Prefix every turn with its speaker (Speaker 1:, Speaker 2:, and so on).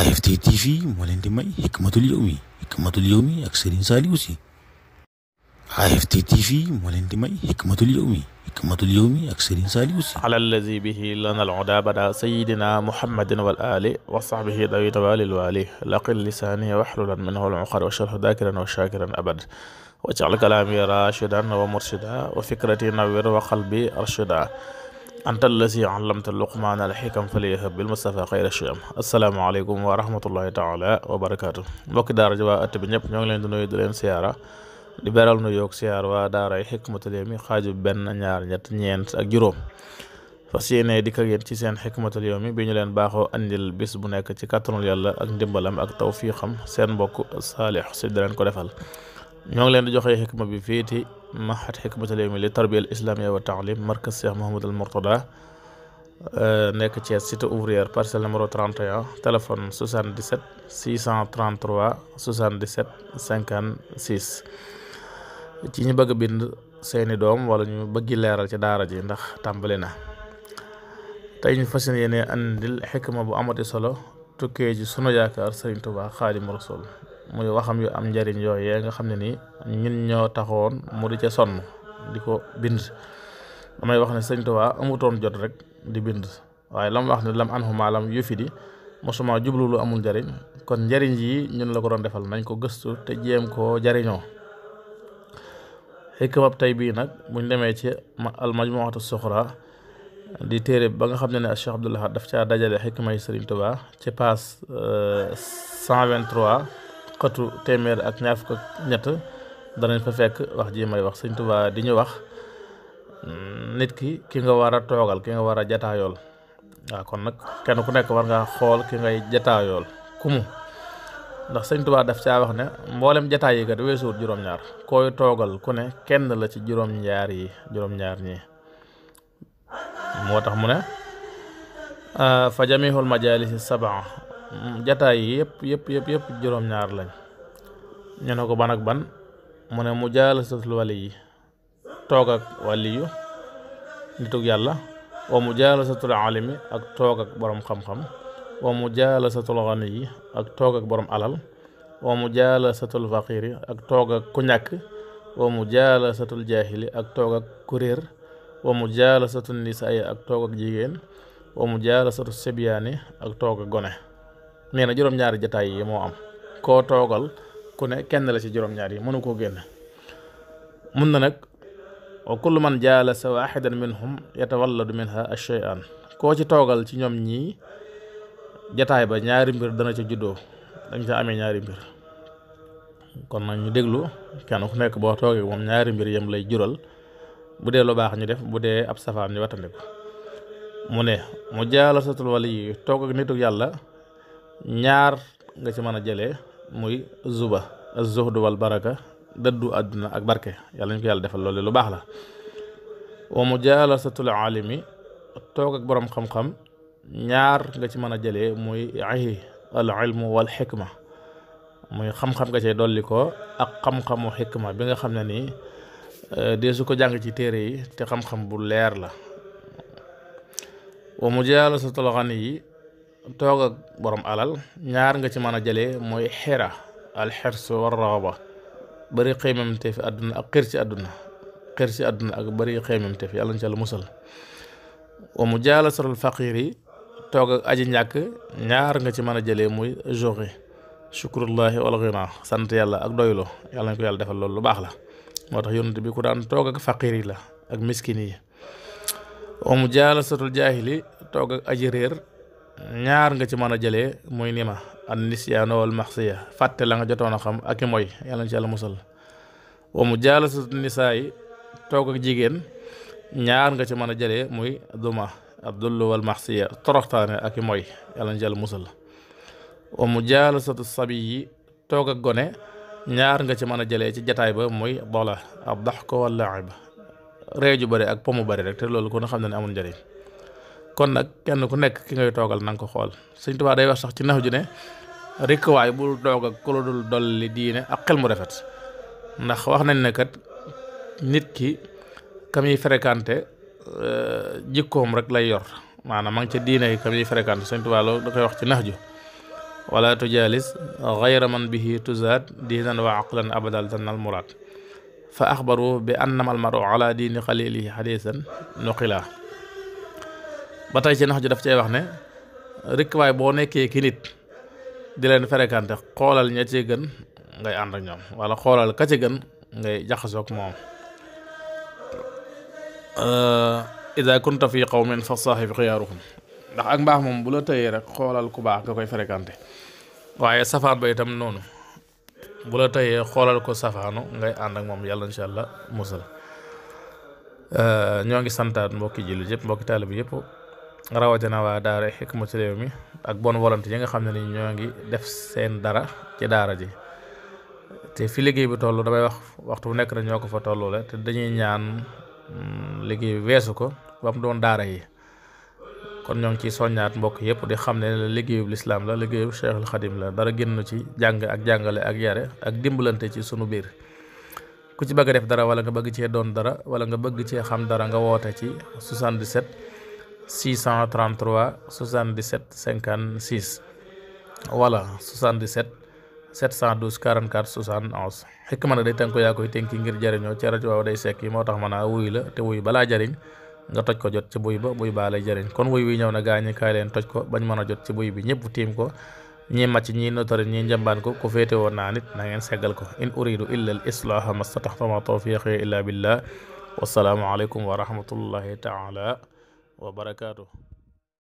Speaker 1: AFT TV moo leen di may Hikmatul Yawmi Hikmatul Yawmi ak Serigne Saliou Sy AFT TV moo leen di may Hikmatul Yawmi Hikmatul Yawmi ak Serigne Saliou Sy ala allazi bihi lana al-huda bada sayyidina muhammadin wal ali wa sahbihi dawi tawali wali laqil lisani wahlulan minhu al-uqad washrah dhakiran wa shakiran abad waj'al kalami rashidan wa murshida wa fikrati nawwir wa qalbi arshida antal allazi allamta luqmaan alxikam faliyahab bil mustafa xayra shiyam asalaamaaleykum wa rahmatullahi taala wa barakaatu mbokki daara ji at bi ñëpp ñoo ngi leen di nuyu di leen siyaara di beral nu yoog siyaar waa daaray xikmatul yawmi xaaju benn ñaar ñett ñeent ak juróom fas yéene dikk ak ci seen xikmatul yawmi bi ñu leen baaxoo andil bis bu nekk ci kàttanul yàlla ak ndimbalam ak tawfiixam seen mbokk saalix si di leen ko defal ñoo ngi leen di joxe xikma bi fii ci maxat xikmatul yawmi li tarbiya al islamiyya wa taalim markaz Cheikh Mouhamadul Mourtada euh, nekk Thiès cité ouvrière parcelle numéro 31 téléphone 77 633 77 56 ci ñu bëgg a bind seeni doom wala ñu bëggi leeral ci daara ji ndax tàmbali na tey ñu fas yéene andil xikma bu amati solo tukkee ji sunu yaakaar Serigne Touba Xaadimu Rasuul muy waxam yu am njariñ yooyee nga xam ne ni ñun ñoo taxoon mu di ca sonn di ko bind damay wax ne sëñ Tuubaa amutoon jot rek di bind waaye lam wax ne lam an xumaa lam yëfi di mosuma jublu lu amul njariñ kon njariñ yi ñun la ko doon defal nañ ko gëstu te jéem koo jariñoo xikmab tey bii nag buñ demee ci al majmuatu suxra di téere ba nga xam ne ne Cheikh Abdoul Ahad daf ca dajale xikma yi Sëriñ Tuubaa ci page euh, 123 xatu téeméer ak ñaar fukk ak ñett danañ fa fekk wax ji may wax sëñ Tuubaa di ñu wax mm, nit ki ki nga war a toogal ki nga war a jataayool waaw kon nag kenn ku nekk war ngaa xool ki ngay jataayool kumu ndax sëñ Tuubaa daf caa wax ne mboolem jataay yi kat weesuwut juróom-ñaar koy toogal ku ne kenn la ci juróom-ñaar yi juróom-ñaar ñi moo tax mu ne fa jamihul majalisi sabaa jataay yi yëpp yëpp yëpp yëpp juróom-ñaar lañ ñu ne ko ban ak ban mu ne mu jaalasatul wali yi toog ak wàlli yu nitug yàlla wa mu jaalasatul alimi ak toog ak borom xam-xam wa mu jaalasatul xani yi ak toog ak borom alal wa mu jaalasatul faqiir yi ak toog ak ku ñàkk wa mu jaalasatul jaahili ak toog ak ku réer wa mu jaalasatul nisaa ak toog ak jigéen wa mu jaalasatu sibyaani ak toog gone nee na juróom-ñaari jataay yi moo am koo toogal ku ne kenn la ci juróom-ñaar yi mënu koo génn mun na nag wa kullu man jaalasa waaxidan minhum yatawalladu a ash-shay'aan koo ci toogal ci ñoom ñii jataay ba ñaari mbir dana ci juddoo dañ ca amee ñaari mbir kon nag ñu déglu kenn ku nekk boo toogee ñaari mbir yam lay jural bu dee lu baax ñu def bu dee ab safaan ñu wattandiku mu ne mu jaalasatul wali yi toog ak nituk yàlla ñaar nga ci mën a jëlee muy zuba az-zuhdu wal baraka dëddu àdduna ak barke yàlla ñu ko yàlla defal loolu lu baax la wa mujaalasatul aalimi toog ak boroom xam-xam ñaar nga ci mën a jëlee muy ahi al ilmu wal xikma muy xam-xam nga cay dolli ko ak xam-xamu xikma bi nga xam ne nii euh, dee su ko jàng ci téere yi te xam-xam bu leer la wa mujaalasatul ghani yi toog ak boroom alal ñaar nga ci mën a jëlee mooy xira alxers war raxaba bari xëymamte fi àdduna ak xër ci àdduna xër ci àdduna ak bari xëymamte fi yàlla na ci mu jaalasatul faqiir yi toog ak ñàkk ñaar nga ci mën a jëlee muy joxe shukrullahi wal ghina sant yàlla ak doylo yàlla na ko yàlla defal loolu lu baax la moo tax yonent bi ku daan toog ak faqiir la ak miskin yi wa mu jaalasatul jaahili toog aji réer ñaar nga ci mën a jëlee muy ni ma an nisyaana wal maxsiya fàtte la nga jotoon a xam ak i mooy yàlla na ci yàlla musal wa mu jaalasatu nisaa toog ak jigéen ñaar nga ci mën a jëlee muy duma ak i mooy yàlla na musal wa mu jaalasatu sabi yi toog ak gone ñaar nga ci mën a jëlee ci jataay ba muy dola ab dax ko wal laib réew ju bëri ak pomu bëri rek te loolu kon xam na ne amul njariñ kon nag kenn ku nekk ki ngay toogal na ko xool sëñ Tuubaa day wax sax ci nax ju ne rikkuwaay bu doog ak ku la dul dolli diine ak xel mu rafet ndax wax nañ ne kat nit ki ka muy fréquenté euh, jikkoom rek lay yor maanaam ma ngi ca diine yi ka muy fréquenté sëñ Tuubaa loolu da koy wax ci nax ju wala tujaalis gayra man bihi tuzaad diinan wa aqlan abadal tanal muraad fa axbaru bi annama almaru ala diini xalilihi xadiisan nuqila ba tey ci nax ju daf cey wax ne rikk waay boo nekkee ki nit di leen fréquenté xoolal ña ci gën ngay àndak ak ñoom wala xoolal ka ci gën ngay jaxasook moom ida kunta fi qawmin fa saaxib xiyaaruhum ndax ak mbaax moom bu la tëyee rek xoolal ku baax nga koy fréquenté waaye safaan ba itam noonu bu la tëyee xoolal ko safaanu ngay ànd moom yàlla incha allah musal ñoo ngi santaat mbokki jullit yëpp mbokki taalibe yëpp rawatina waa daara Hikmatul mi ak bon volonté yi nga xam ne ni ñoo ngi def seen dara ci daara ji te fi liggéey bi toll damay wax waxtu bu nekk rek ñoo ko fa tolloole te dañuy ñaan mm, liggéey weesu ko bam doon daara yi kon ñoo ngi ciy soññaat mbokk yëpp di xam ne liggéeyub lislaam la liggéeyub Cheikhul Xadim la dara génn ci jàng ak jàngale ak yare ak dimbalante ci sunu biir ku ci bëgg a def dara wala nga bëgg cee doon dara wala nga bëgg cee xam dara nga woote ci 77 633 77 56 wala 77 712 44 71 xikk ma ne day tënk yaa koy tënki ngir jëriñoo ci rajo waaw day sekk moo tax man a wuy la te wuy balaa jëriñ nga toj ko jot ci buy ba buy baa lay jariñ kon wuy wi ñëw na gaañi kaay leen toj ko bañ mën a jot ci buy bi ñëpp tiim ko ñi màcc ñi notari ñii njambaan ko ku féete woon naa nit na ngeen seggal ko in uridu illa al islaha mastataxtama tawfiqi illa billah wasalaamu aleykum wa rahmatullahi taala wa barakaatu.